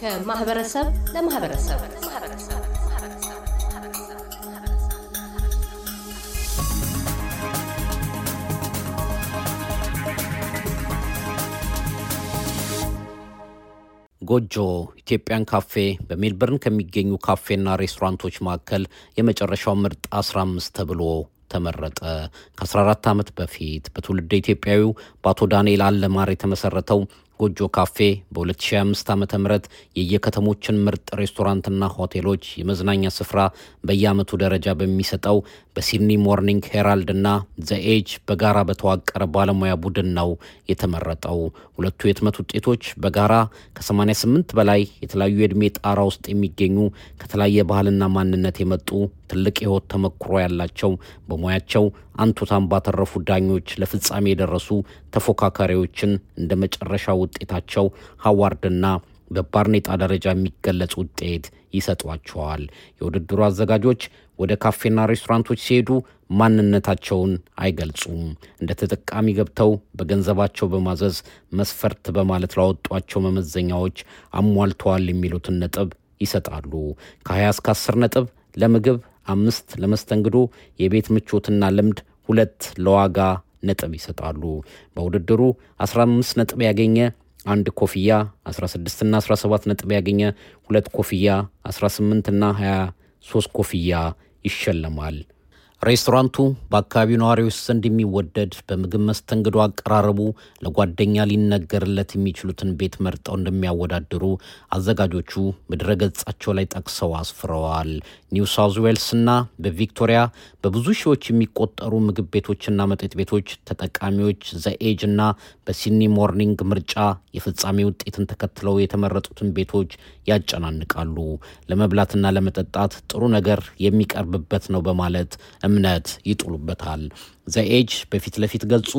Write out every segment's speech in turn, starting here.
ከማህበረሰብ ለማህበረሰብ ጎጆ ኢትዮጵያን ካፌ በሜልበርን ከሚገኙ ካፌና ሬስቶራንቶች መካከል የመጨረሻው ምርጥ 15 ተብሎ ተመረጠ። ከ14 ዓመት በፊት በትውልደ ኢትዮጵያዊው በአቶ ዳንኤል አለማር የተመሰረተው ጎጆ ካፌ በ2005 ዓ ም የየከተሞችን ምርጥ ሬስቶራንትና ሆቴሎች የመዝናኛ ስፍራ በየአመቱ ደረጃ በሚሰጠው በሲድኒ ሞርኒንግ ሄራልድ እና ዘኤጅ በጋራ በተዋቀረ ባለሙያ ቡድን ነው የተመረጠው። ሁለቱ የህትመት ውጤቶች በጋራ ከ88 በላይ የተለያዩ የዕድሜ ጣራ ውስጥ የሚገኙ ከተለያየ ባህልና ማንነት የመጡ ትልቅ የህይወት ተመክሮ ያላቸው በሙያቸው አንቱታን ባተረፉ ዳኞች ለፍጻሜ የደረሱ ተፎካካሪዎችን እንደ መጨረሻ ውጤታቸው ሀዋርድና በባርኔጣ ደረጃ የሚገለጽ ውጤት ይሰጧቸዋል። የውድድሩ አዘጋጆች ወደ ካፌና ሬስቶራንቶች ሲሄዱ ማንነታቸውን አይገልጹም። እንደ ተጠቃሚ ገብተው በገንዘባቸው በማዘዝ መስፈርት በማለት ላወጧቸው መመዘኛዎች አሟልተዋል የሚሉትን ነጥብ ይሰጣሉ። ከ20 እስከ 10 ነጥብ ለምግብ አምስት ለመስተንግዶ የቤት ምቾትና ልምድ ሁለት ለዋጋ ነጥብ ይሰጣሉ። በውድድሩ 15 ነጥብ ያገኘ አንድ ኮፍያ 16ና 17 ነጥብ ያገኘ ሁለት ኮፍያ 18ና 23 ኮፍያ ይሸለማል። ሬስቶራንቱ በአካባቢው ነዋሪዎች ዘንድ የሚወደድ በምግብ መስተንግዶ አቀራረቡ ለጓደኛ ሊነገርለት የሚችሉትን ቤት መርጠው እንደሚያወዳድሩ አዘጋጆቹ በድረገጻቸው ላይ ጠቅሰው አስፍረዋል። ኒው ሳውዝ ዌልስ እና በቪክቶሪያ በብዙ ሺዎች የሚቆጠሩ ምግብ ቤቶችና መጠጥ ቤቶች ተጠቃሚዎች ዘኤጅ እና በሲድኒ ሞርኒንግ ምርጫ የፍጻሜ ውጤትን ተከትለው የተመረጡትን ቤቶች ያጨናንቃሉ። ለመብላትና ለመጠጣት ጥሩ ነገር የሚቀርብበት ነው በማለት እምነት ይጥሉበታል። ዘኤጅ በፊት ለፊት ገጹ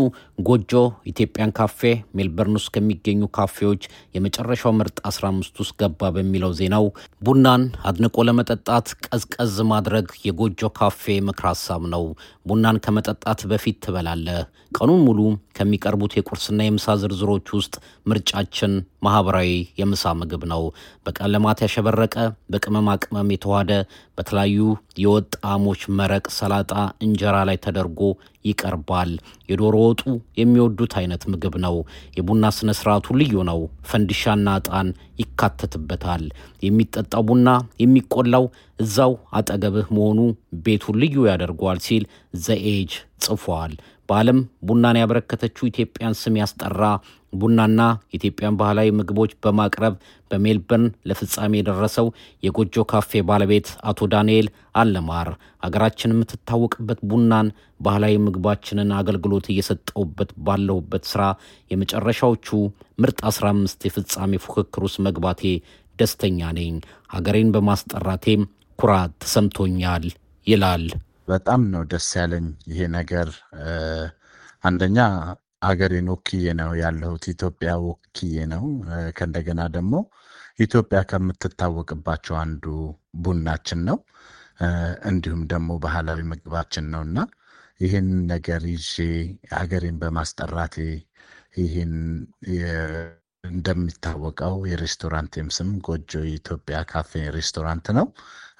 ጎጆ ኢትዮጵያን ካፌ ሜልበርን ውስጥ ከሚገኙ ካፌዎች የመጨረሻው ምርጥ 15 ውስጥ ገባ በሚለው ዜናው ቡናን አድንቆ ለመጠጣት ቀዝቀዝ ማድረግ የጎጆ ካፌ ምክር ሀሳብ ነው። ቡናን ከመጠጣት በፊት ትበላለህ። ቀኑን ሙሉ ከሚቀርቡት የቁርስና የምሳ ዝርዝሮች ውስጥ ምርጫችን ማህበራዊ የምሳ ምግብ ነው። በቀለማት ያሸበረቀ በቅመማ ቅመም የተዋሃደ በተለያዩ የወጥ ጣዕሞች መረቅ፣ ሰላጣ፣ እንጀራ ላይ ተደርጎ ይቀርባል። የዶሮ ወጡ የሚወዱት አይነት ምግብ ነው። የቡና ስነ ስርዓቱ ልዩ ነው። ፈንዲሻና እጣን ይካተትበታል። የሚጠጣው ቡና የሚቆላው እዛው አጠገብህ መሆኑ ቤቱ ልዩ ያደርገዋል ሲል ዘኤጅ ጽፏል። በዓለም ቡናን ያበረከተችው ኢትዮጵያን ስም ያስጠራ ቡናና የኢትዮጵያን ባህላዊ ምግቦች በማቅረብ በሜልበርን ለፍጻሜ የደረሰው የጎጆ ካፌ ባለቤት አቶ ዳንኤል አለማር ሀገራችን የምትታወቅበት ቡናን ባህላዊ ምግባችንን አገልግሎት እየሰጠውበት ባለሁበት ስራ የመጨረሻዎቹ ምርጥ 15 የፍጻሜ ፉክክር ውስጥ መግባቴ ደስተኛ ነኝ። ሀገሬን በማስጠራቴም ኩራት ተሰምቶኛል ይላል። በጣም ነው ደስ ያለኝ ይሄ ነገር አንደኛ አገሬን ወክዬ ነው ያለሁት። ኢትዮጵያ ወክዬ ነው። ከእንደገና ደግሞ ኢትዮጵያ ከምትታወቅባቸው አንዱ ቡናችን ነው፣ እንዲሁም ደግሞ ባህላዊ ምግባችን ነው እና ይህን ነገር ይዤ ሀገሬን በማስጠራቴ ይህን እንደሚታወቀው የሬስቶራንቴም ስም ጎጆ የኢትዮጵያ ካፌ ሬስቶራንት ነው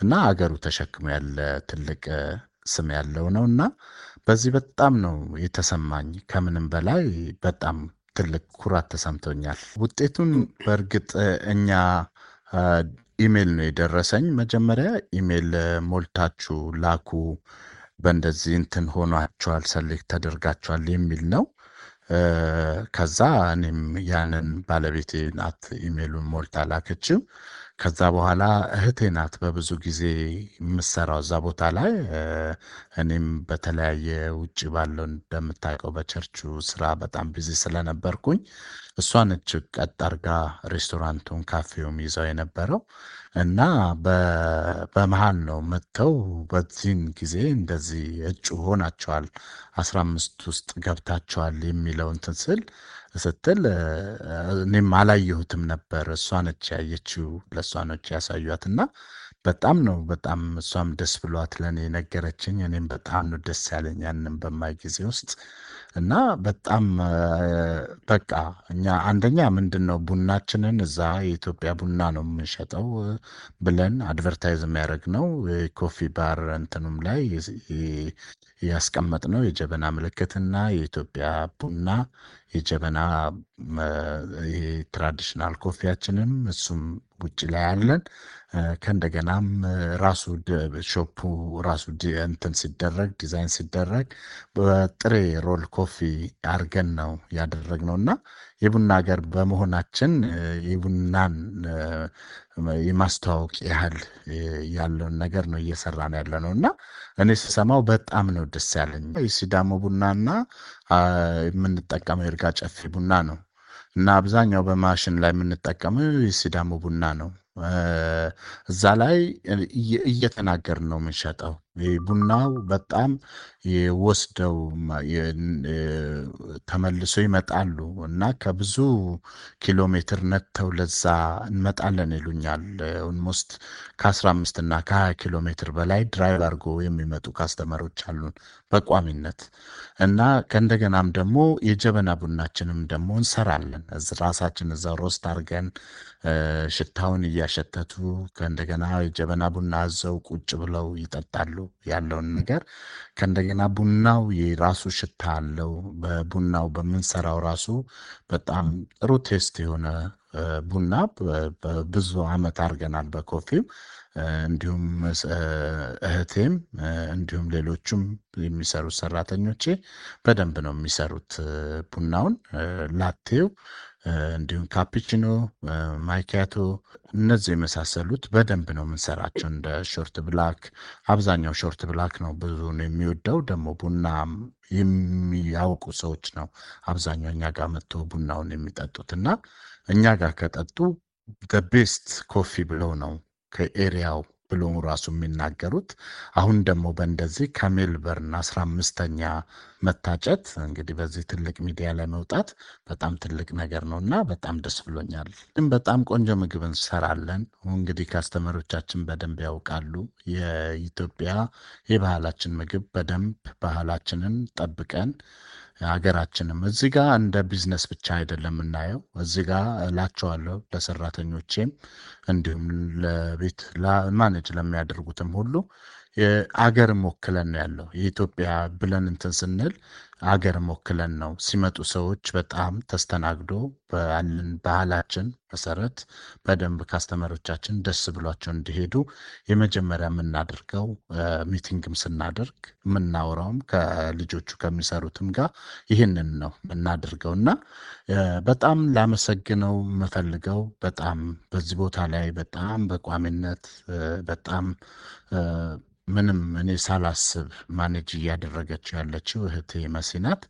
እና አገሩ ተሸክሞ ያለ ትልቅ ስም ያለው ነው እና በዚህ በጣም ነው የተሰማኝ። ከምንም በላይ በጣም ትልቅ ኩራት ተሰምቶኛል። ውጤቱን በእርግጥ እኛ ኢሜል ነው የደረሰኝ። መጀመሪያ ኢሜል ሞልታችሁ ላኩ፣ በእንደዚህ እንትን ሆኗችኋል፣ ሰሌክት ተደርጋችኋል የሚል ነው። ከዛ እኔም ያንን ባለቤቴ ናት ኢሜሉን ሞልታ ላከችው። ከዛ በኋላ እህቴ ናት በብዙ ጊዜ የምሰራው እዛ ቦታ ላይ። እኔም በተለያየ ውጭ ባለው እንደምታውቀው በቸርቹ ስራ በጣም ቢዚ ስለነበርኩኝ እሷ ነች ቀጥ አርጋ ሬስቶራንቱን ካፌውም ይዘው የነበረው እና በመሀል ነው መጥተው በዚህን ጊዜ እንደዚህ እጩ ሆናቸዋል፣ አስራ አምስት ውስጥ ገብታቸዋል የሚለው እንትን ስል ስትል እኔም አላየሁትም ነበር። እሷ ነች ያየችው፣ ለእሷ ነች ያሳዩት እና በጣም ነው በጣም እሷም ደስ ብሏት ለእኔ ነገረችኝ። እኔም በጣም ነው ደስ ያለኝ ያንን በማይ ጊዜ ውስጥ እና በጣም በቃ እኛ አንደኛ ምንድን ነው ቡናችንን እዛ የኢትዮጵያ ቡና ነው የምንሸጠው ብለን አድቨርታይዝ የሚያደርግ ነው ኮፊ ባር እንትኑም ላይ ያስቀመጥ ነው የጀበና ምልክትና የኢትዮጵያ ቡና የጀበና ትራዲሽናል ኮፊያችንም እሱም ውጭ ላይ አለን። ከእንደገናም ራሱ ሾፑ ራሱ እንትን ሲደረግ ዲዛይን ሲደረግ በጥሬ ሮል ኮፊ አድርገን ነው ያደረግነው እና የቡና ሀገር በመሆናችን የቡናን የማስተዋወቅ ያህል ያለውን ነገር ነው እየሰራ ነው ያለ ነው እና እኔ ስሰማው በጣም ነው ደስ ያለኝ። የሲዳሞ ቡናና የምንጠቀመው የእርጋ ጨፌ ቡና ነው እና አብዛኛው በማሽን ላይ የምንጠቀመው የሲዳሞ ቡና ነው። እዛ ላይ እየተናገር ነው የምንሸጠው ቡናው በጣም ወስደው ተመልሶ ይመጣሉ እና ከብዙ ኪሎ ሜትር ነጥተው ለዛ እንመጣለን ይሉኛል። ኦልሞስት ከ15 እና ከ20 ኪሎ ሜትር በላይ ድራይቭ አድርጎ የሚመጡ ካስተመሮች አሉን በቋሚነት እና ከእንደገናም ደግሞ የጀበና ቡናችንም ደግሞ እንሰራለን ራሳችን እዛ ሮስት አድርገን ሽታውን እያሸተቱ ከእንደገና የጀበና ቡና አዘው ቁጭ ብለው ይጠጣሉ። ያለውን ነገር ከእንደገና ቡናው የራሱ ሽታ አለው። በቡናው በምንሰራው ራሱ በጣም ጥሩ ቴስት የሆነ ቡና ብዙ አመት አድርገናል በኮፊም እንዲሁም እህቴም እንዲሁም ሌሎቹም የሚሰሩት ሰራተኞቼ በደንብ ነው የሚሰሩት ቡናውን ላቴው እንዲሁም ካፒችኖ፣ ማይኪያቶ እነዚህ የመሳሰሉት በደንብ ነው የምንሰራቸው። እንደ ሾርት ብላክ አብዛኛው ሾርት ብላክ ነው ብዙ የሚወደው። ደግሞ ቡና የሚያውቁ ሰዎች ነው አብዛኛው እኛ ጋር መጥቶ ቡናውን የሚጠጡት እና እኛ ጋር ከጠጡ ቤስት ኮፊ ብለው ነው ከኤሪያው ብሎ ራሱ የሚናገሩት አሁን ደግሞ በእንደዚህ ከሜልበርን አስራ አምስተኛ መታጨት እንግዲህ በዚህ ትልቅ ሚዲያ ላይ መውጣት በጣም ትልቅ ነገር ነው እና በጣም ደስ ብሎኛል። በጣም ቆንጆ ምግብ እንሰራለን። እንግዲህ ካስተመሮቻችን በደንብ ያውቃሉ። የኢትዮጵያ የባህላችን ምግብ በደንብ ባህላችንን ጠብቀን ሀገራችንም እዚህ ጋር እንደ ቢዝነስ ብቻ አይደለም የምናየው። እዚህ ጋር እላቸዋለሁ ለሰራተኞቼም፣ እንዲሁም ለቤት ማኔጅ ለሚያደርጉትም ሁሉ አገርም ወክለን ያለው የኢትዮጵያ ብለን እንትን ስንል አገር ሞክለን ነው ሲመጡ ሰዎች በጣም ተስተናግዶ ባለን ባህላችን መሰረት በደንብ ካስተመሮቻችን ደስ ብሏቸው እንዲሄዱ የመጀመሪያ የምናደርገው ሚቲንግም ስናደርግ የምናወራውም ከልጆቹ ከሚሰሩትም ጋር ይህንን ነው የምናደርገው እና በጣም ላመሰግነው የምፈልገው በጣም በዚህ ቦታ ላይ በጣም በቋሚነት በጣም ምንም እኔ ሳላስብ ማኔጅ እያደረገችው ያለችው እህቴ መሲ ናት።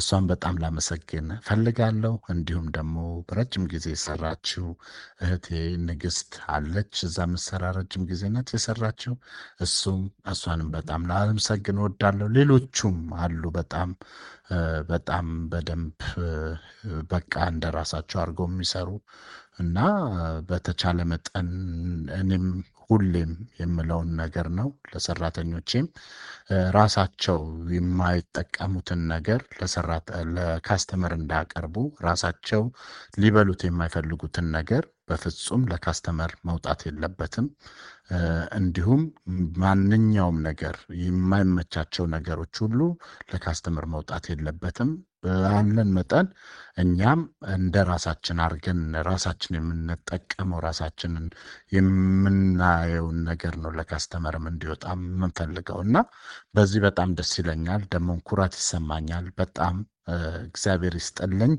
እሷን በጣም ላመሰግን ፈልጋለሁ። እንዲሁም ደግሞ በረጅም ጊዜ የሰራችው እህቴ ንግስት አለች፣ እዛ ምሰራ ረጅም ጊዜ ናት የሰራችው። እሱም እሷንም በጣም ላመሰግን እወዳለሁ። ሌሎቹም አሉ በጣም በጣም በደንብ በቃ እንደ ራሳቸው አድርገው የሚሰሩ እና በተቻለ መጠን እኔም ሁሌም የምለውን ነገር ነው። ለሰራተኞቼም ራሳቸው የማይጠቀሙትን ነገር ለካስተመር እንዳያቀርቡ ራሳቸው ሊበሉት የማይፈልጉትን ነገር በፍጹም ለካስተመር መውጣት የለበትም። እንዲሁም ማንኛውም ነገር የማይመቻቸው ነገሮች ሁሉ ለካስተመር መውጣት የለበትም። ባለን መጠን እኛም እንደ ራሳችን አድርገን ራሳችን የምንጠቀመው ራሳችንን የምናየውን ነገር ነው ለካስተመርም እንዲወጣ የምንፈልገው እና በዚህ በጣም ደስ ይለኛል። ደግሞ ኩራት ይሰማኛል። በጣም እግዚአብሔር ይስጥልኝ።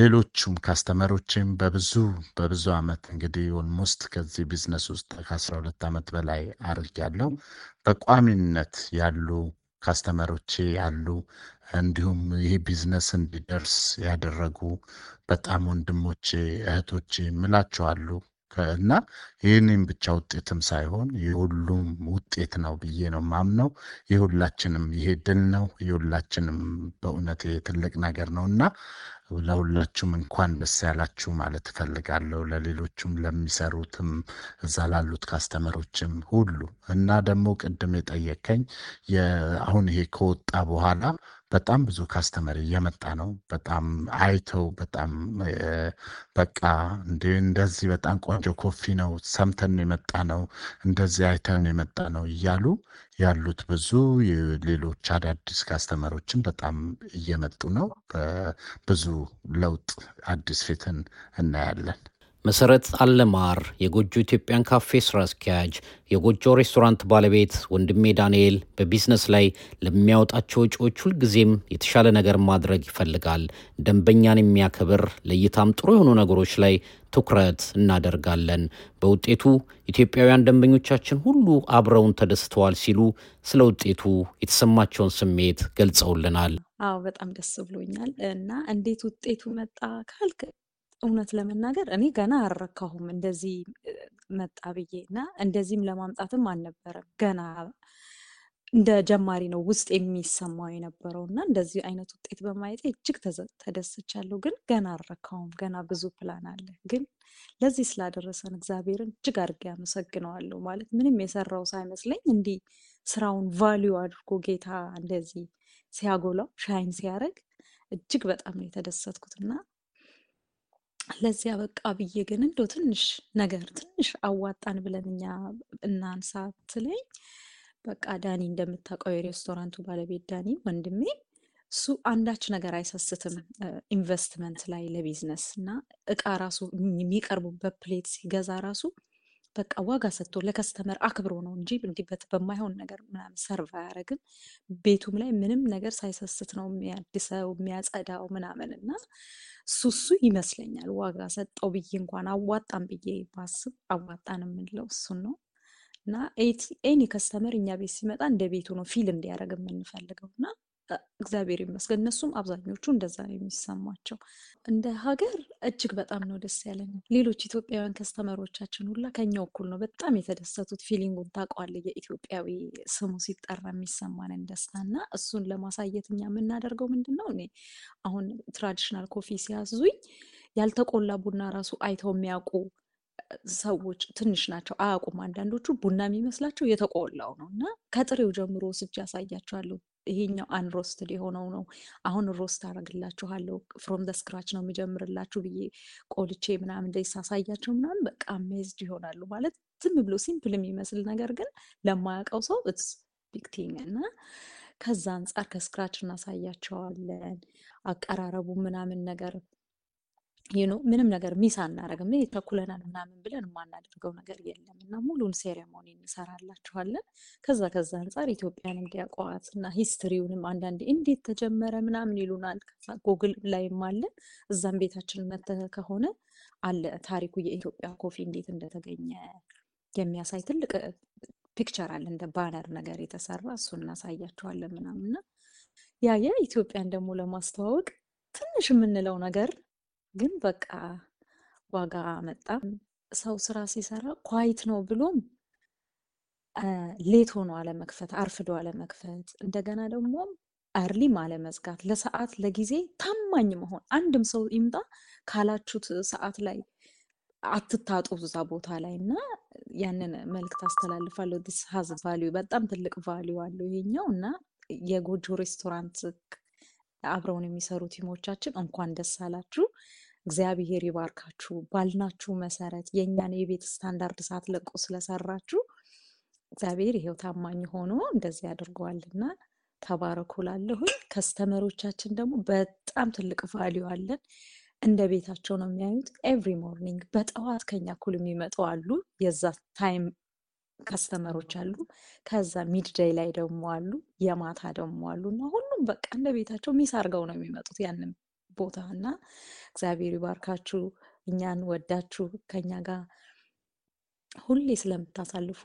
ሌሎቹም ካስተመሮችም በብዙ በብዙ ዓመት እንግዲህ ኦልሞስት ከዚህ ቢዝነስ ውስጥ ከአስራ ሁለት ዓመት በላይ አድርጌያለሁ። በቋሚነት ያሉ ካስተመሮቼ ያሉ እንዲሁም ይሄ ቢዝነስ እንዲደርስ ያደረጉ በጣም ወንድሞቼ እህቶቼ ምላችኋሉ እና ይህኔም ብቻ ውጤትም ሳይሆን የሁሉም ውጤት ነው ብዬ ነው ማምነው። የሁላችንም ይሄ ድል ነው። የሁላችንም በእውነት ትልቅ ነገር ነው እና ለሁላችሁም እንኳን ደስ ያላችሁ ማለት እፈልጋለሁ። ለሌሎቹም ለሚሰሩትም እዛ ላሉት ካስተመሮችም ሁሉ እና ደግሞ ቅድም የጠየከኝ አሁን ይሄ ከወጣ በኋላ በጣም ብዙ ካስተመር እየመጣ ነው። በጣም አይተው በጣም በቃ እንዲ እንደዚህ በጣም ቆንጆ ኮፊ ነው ሰምተን የመጣ ነው እንደዚህ አይተን የመጣ ነው እያሉ ያሉት ብዙ ሌሎች አዳዲስ ካስተመሮችን በጣም እየመጡ ነው። ብዙ ለውጥ አዲስ ፊትን እናያለን። መሰረት አለማር የጎጆ ኢትዮጵያን ካፌ ስራ አስኪያጅ፣ የጎጆ ሬስቶራንት ባለቤት ወንድሜ ዳንኤል በቢዝነስ ላይ ለሚያወጣቸው ወጪዎች ሁልጊዜም የተሻለ ነገር ማድረግ ይፈልጋል። ደንበኛን የሚያከብር ለእይታም ጥሩ የሆኑ ነገሮች ላይ ትኩረት እናደርጋለን። በውጤቱ ኢትዮጵያውያን ደንበኞቻችን ሁሉ አብረውን ተደስተዋል ሲሉ ስለ ውጤቱ የተሰማቸውን ስሜት ገልጸውልናል። አዎ በጣም ደስ ብሎኛል። እና እንዴት ውጤቱ መጣ ካልክ እውነት ለመናገር እኔ ገና አረካሁም እንደዚህ መጣ ብዬ እና እንደዚህም ለማምጣትም አልነበረም ገና እንደ ጀማሪ ነው ውስጥ የሚሰማው የነበረው እና እንደዚህ አይነት ውጤት በማየት እጅግ ተደስቻለሁ። ግን ገና አረካሁም ገና ብዙ ፕላን አለ። ግን ለዚህ ስላደረሰን እግዚአብሔርን እጅግ አድርጌ አመሰግነዋለሁ። ማለት ምንም የሰራው ሳይመስለኝ እንዲህ ስራውን ቫሊዩ አድርጎ ጌታ እንደዚህ ሲያጎላው ሻይን ሲያደርግ እጅግ በጣም ነው የተደሰትኩት እና ለዚያ በቃ ብዬ ግን እንደው ትንሽ ነገር ትንሽ አዋጣን ብለን እኛ እናንሳ ትለኝ በቃ ዳኒ እንደምታውቀው የሬስቶራንቱ ባለቤት ዳኒ ወንድሜ እሱ አንዳች ነገር አይሰስትም ኢንቨስትመንት ላይ ለቢዝነስ እና እቃ ራሱ የሚቀርቡበት ፕሌት ሲገዛ ራሱ በቃ ዋጋ ሰጥቶ ለከስተመር አክብሮ ነው እንጂ እንዲበት በማይሆን ነገር ምናምን ሰርቭ አያደርግም። ቤቱም ላይ ምንም ነገር ሳይሰስት ነው የሚያድሰው የሚያጸዳው ምናምን እና እሱ እሱ ይመስለኛል ዋጋ ሰጠው ብዬ እንኳን አዋጣን ብዬ ባስብ አዋጣን የምንለው እሱን ነው። እና ኤኒ ከስተመር እኛ ቤት ሲመጣ እንደ ቤቱ ነው ፊል እንዲያደርግ የምንፈልገው እና እግዚአብሔር ይመስገን እነሱም አብዛኞቹ እንደዛ ነው የሚሰማቸው። እንደ ሀገር እጅግ በጣም ነው ደስ ያለን። ሌሎች ኢትዮጵያውያን ከስተመሮቻችን ሁላ ከኛው እኩል ነው በጣም የተደሰቱት። ፊሊንጉን ታውቀዋለህ፣ የኢትዮጵያዊ ስሙ ሲጠራ የሚሰማንን ደስታ እና እሱን ለማሳየት እኛ የምናደርገው ምንድን ነው? እኔ አሁን ትራዲሽናል ኮፊ ሲያዙኝ ያልተቆላ ቡና ራሱ አይተው የሚያውቁ ሰዎች ትንሽ ናቸው፣ አያውቁም። አንዳንዶቹ ቡና የሚመስላቸው የተቆላው ነው እና ከጥሬው ጀምሮ ስጅ ያሳያቸዋለሁ ይሄኛው አንሮስትድ የሆነው ነው። አሁን ሮስት አረግላችኋለሁ ፍሮም ዘ ስክራች ነው የሚጀምርላችሁ ብዬ ቆልቼ ምናምን እንደዚህ ሳሳያቸው ምናምን በቃ ሜዝድ ይሆናሉ። ማለት ዝም ብሎ ሲምፕል የሚመስል ነገር ግን ለማያውቀው ሰው ስ ቢግቲንግ እና ከዛ አንጻር ከስክራች እናሳያቸዋለን አቀራረቡ ምናምን ነገር ይኖ ምንም ነገር ሚስ አናረግም፣ ተኩለናል ምናምን ብለን የማናደርገው ነገር የለም እና ሙሉን ሴሬሞኒ እንሰራላችኋለን። ከዛ ከዛ አንጻር ኢትዮጵያን እንዲያውቋት እና ሂስትሪውንም አንዳንዴ እንዴት ተጀመረ ምናምን ይሉናል። ጎግል ላይም አለን። እዛም ቤታችን መተ ከሆነ አለ ታሪኩ የኢትዮጵያ ኮፊ እንዴት እንደተገኘ የሚያሳይ ትልቅ ፒክቸር አለ፣ እንደ ባነር ነገር የተሰራ እሱ እናሳያችኋለን ምናምንና ያ የኢትዮጵያን ደግሞ ለማስተዋወቅ ትንሽ የምንለው ነገር ግን በቃ ዋጋ መጣ። ሰው ስራ ሲሰራ ኳይት ነው ብሎም ሌት ሆኖ አለመክፈት፣ አርፍዶ አለመክፈት፣ እንደገና ደግሞ አርሊም አለመዝጋት፣ ለሰዓት ለጊዜ ታማኝ መሆን። አንድም ሰው ይምጣ ካላችሁት ሰዓት ላይ አትታጡ እዛ ቦታ ላይ እና ያንን መልክት አስተላልፋለሁ። ዲስ ሀዝ ቫሊዩ በጣም ትልቅ ቫሊዩ አለው ይሄኛው እና የጎጆ ሬስቶራንት አብረውን የሚሰሩ ቲሞቻችን እንኳን ደስ አላችሁ፣ እግዚአብሔር ይባርካችሁ። ባልናችሁ መሰረት የእኛን የቤት ስታንዳርድ ሳትለቁ ስለሰራችሁ እግዚአብሔር ይሄው ታማኝ ሆኖ እንደዚህ አድርገዋልና ተባረኩ ላለሁኝ። ከስተመሮቻችን ደግሞ በጣም ትልቅ ቫሊዩ አለን። እንደ ቤታቸው ነው የሚያዩት። ኤቭሪ ሞርኒንግ በጠዋት ከኛ እኩል የሚመጡ አሉ። የዛ ታይም ከስተመሮች አሉ። ከዛ ሚድደይ ላይ ደግሞ አሉ፣ የማታ ደግሞ አሉ እና ሁሉም በቃ እንደ ቤታቸው ሚስ አድርገው ነው የሚመጡት ያንን ቦታ እና እግዚአብሔር ይባርካችሁ። እኛን ወዳችሁ ከኛ ጋር ሁሌ ስለምታሳልፉ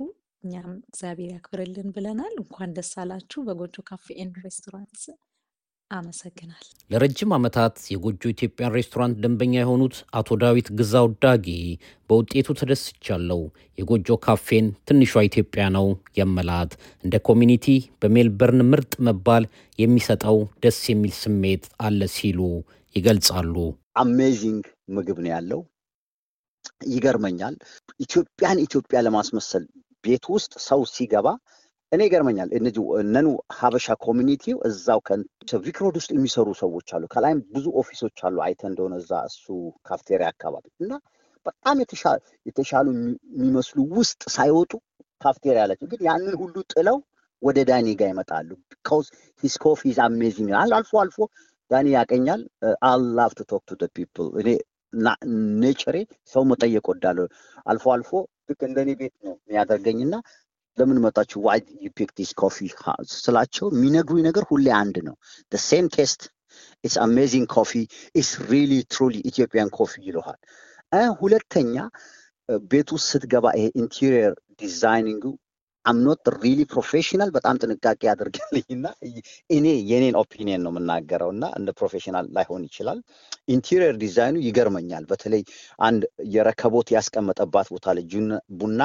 እኛም እግዚአብሔር ያክብርልን ብለናል። እንኳን ደስ አላችሁ በጎጆ ካፌ ኤንድ ሬስቶራንት አመሰግናል። ለረጅም ዓመታት የጎጆ ኢትዮጵያን ሬስቶራንት ደንበኛ የሆኑት አቶ ዳዊት ግዛው ዳጊ በውጤቱ ተደስቻለሁ። የጎጆ ካፌን ትንሿ ኢትዮጵያ ነው የምላት። እንደ ኮሚኒቲ በሜልበርን ምርጥ መባል የሚሰጠው ደስ የሚል ስሜት አለ ሲሉ ይገልጻሉ። አሜዚንግ ምግብ ነው ያለው። ይገርመኛል። ኢትዮጵያን ኢትዮጵያ ለማስመሰል ቤት ውስጥ ሰው ሲገባ እኔ ይገርመኛል እነዚህ እነኑ ሀበሻ ኮሚኒቲው እዛው ቪክሮድ ውስጥ የሚሰሩ ሰዎች አሉ። ከላይም ብዙ ኦፊሶች አሉ። አይተ እንደሆነ እዛ እሱ ካፍቴሪያ አካባቢ እና በጣም የተሻሉ የሚመስሉ ውስጥ ሳይወጡ ካፍቴሪያ አላቸው። ግን ያንን ሁሉ ጥለው ወደ ዳኒ ጋ ይመጣሉ። ቢካውዝ ሂስ ኮፊ ኢዝ አሜዚንግ አልፎ አልፎ ዳኒ ያቀኛል። አላቭ ቱ ቶክ ቱ ፒፕል እኔ ኔቸሬ ሰው መጠየቅ ወዳለ አልፎ አልፎ ልክ እንደኔ ቤት ነው የሚያደርገኝና ለምን መጣችሁ ዋይ ዩ ፒክ ዲስ ኮፊ ስላቸው የሚነግሩ ነገር ሁሌ አንድ ነው ሴም ቴስት ኢትስ አሜዚንግ ኮፊ ኢትስ ሪሊ ትሩሊ ኢትዮጵያን ኮፊ ይለሃል ሁለተኛ ቤቱ ስትገባ ይሄ ኢንቴሪየር ዲዛይኒንግ አምኖት ሪሊ ፕሮፌሽናል በጣም ጥንቃቄ አድርግልኝና እኔ የኔን ኦፒኒየን ነው የምናገረው እና እንደ ፕሮፌሽናል ላይሆን ይችላል። ኢንቴሪየር ዲዛይኑ ይገርመኛል። በተለይ አንድ የረከቦት ያስቀመጠባት ቦታ ላይ ቡና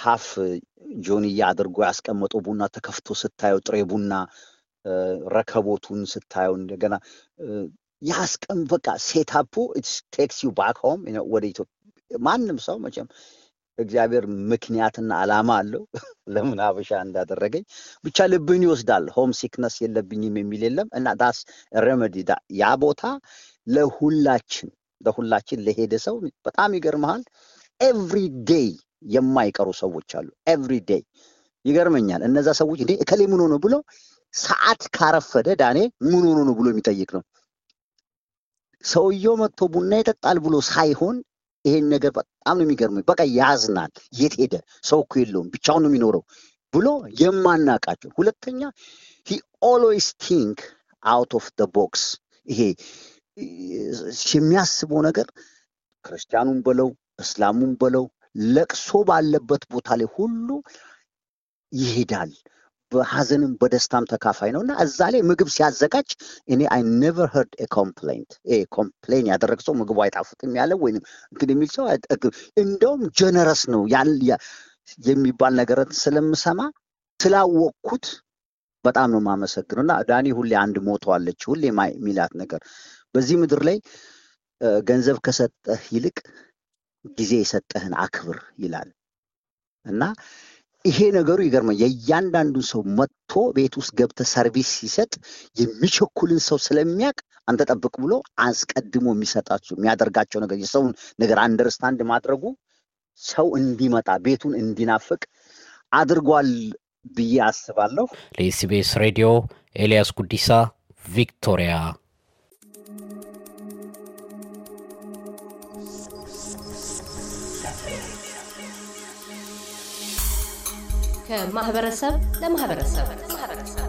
ሀፍ ጆንያ አድርጎ ያስቀመጠው ቡና ተከፍቶ ስታየው ጥሬ ቡና ረከቦቱን ስታየው እንደገና ያስቀም በቃ ሴታፑ ቴክስ ዩ ባክ ሆም ወደ ኢትዮጵያ። ማንም ሰው መቼም እግዚአብሔር ምክንያትና ዓላማ አለው ለምን ሀበሻ እንዳደረገኝ ብቻ ልብን ይወስዳል። ሆም ሲክነስ የለብኝም የሚል የለም እና ዳስ ረመዲ ያ ቦታ ለሁላችን ለሁላችን ለሄደ ሰው በጣም ይገርመሃል ኤቭሪ ዴይ የማይቀሩ ሰዎች አሉ። ኤቭሪ ዴይ ይገርመኛል። እነዛ ሰዎች እንዴ እከሌ ምን ሆኖ ብሎ ሰዓት ካረፈደ ዳኔ ምን ሆኖ ነው ብሎ የሚጠይቅ ነው። ሰውየው መጥቶ ቡና ይጠጣል ብሎ ሳይሆን ይሄን ነገር በጣም ነው የሚገርመኝ። በቃ ያዝናል። የት ሄደ? ሰው እኮ የለውም ብቻውን ነው የሚኖረው ብሎ የማናቃቸው። ሁለተኛ ሂ ኦልዌይስ ቲንክ አውት ኦፍ ደ ቦክስ። ይሄ የሚያስበው ነገር ክርስቲያኑም በለው እስላሙም በለው ለቅሶ ባለበት ቦታ ላይ ሁሉ ይሄዳል። በሀዘንም በደስታም ተካፋይ ነው እና እዛ ላይ ምግብ ሲያዘጋጅ እኔ አይ ኔቨር ሄርድ ኮምፕሌንት ኮምፕሌን ያደረግ ሰው ምግቡ አይጣፍጥም ያለ ወይም እንትን የሚል ሰው እንደውም ጀነረስ ነው የሚባል ነገርን ስለምሰማ ስላወቅኩት በጣም ነው የማመሰግነው። እና ዳኒ ሁሌ አንድ ሞቶ አለች ሁሌ ሚላት ነገር በዚህ ምድር ላይ ገንዘብ ከሰጠህ ይልቅ ጊዜ የሰጠህን አክብር ይላል እና ይሄ ነገሩ ይገርመ የእያንዳንዱን ሰው መጥቶ ቤት ውስጥ ገብተ ሰርቪስ ሲሰጥ የሚቸኩልን ሰው ስለሚያውቅ አንተ ጠብቅ ብሎ አስቀድሞ የሚሰጣቸው የሚያደርጋቸው ነገር የሰውን ነገር አንደርስታንድ ማድረጉ ሰው እንዲመጣ ቤቱን እንዲናፍቅ አድርጓል ብዬ አስባለሁ። ለኤስቢኤስ ሬዲዮ ኤልያስ ጉዲሳ ቪክቶሪያ ከማህበረሰብ ለማህበረሰብ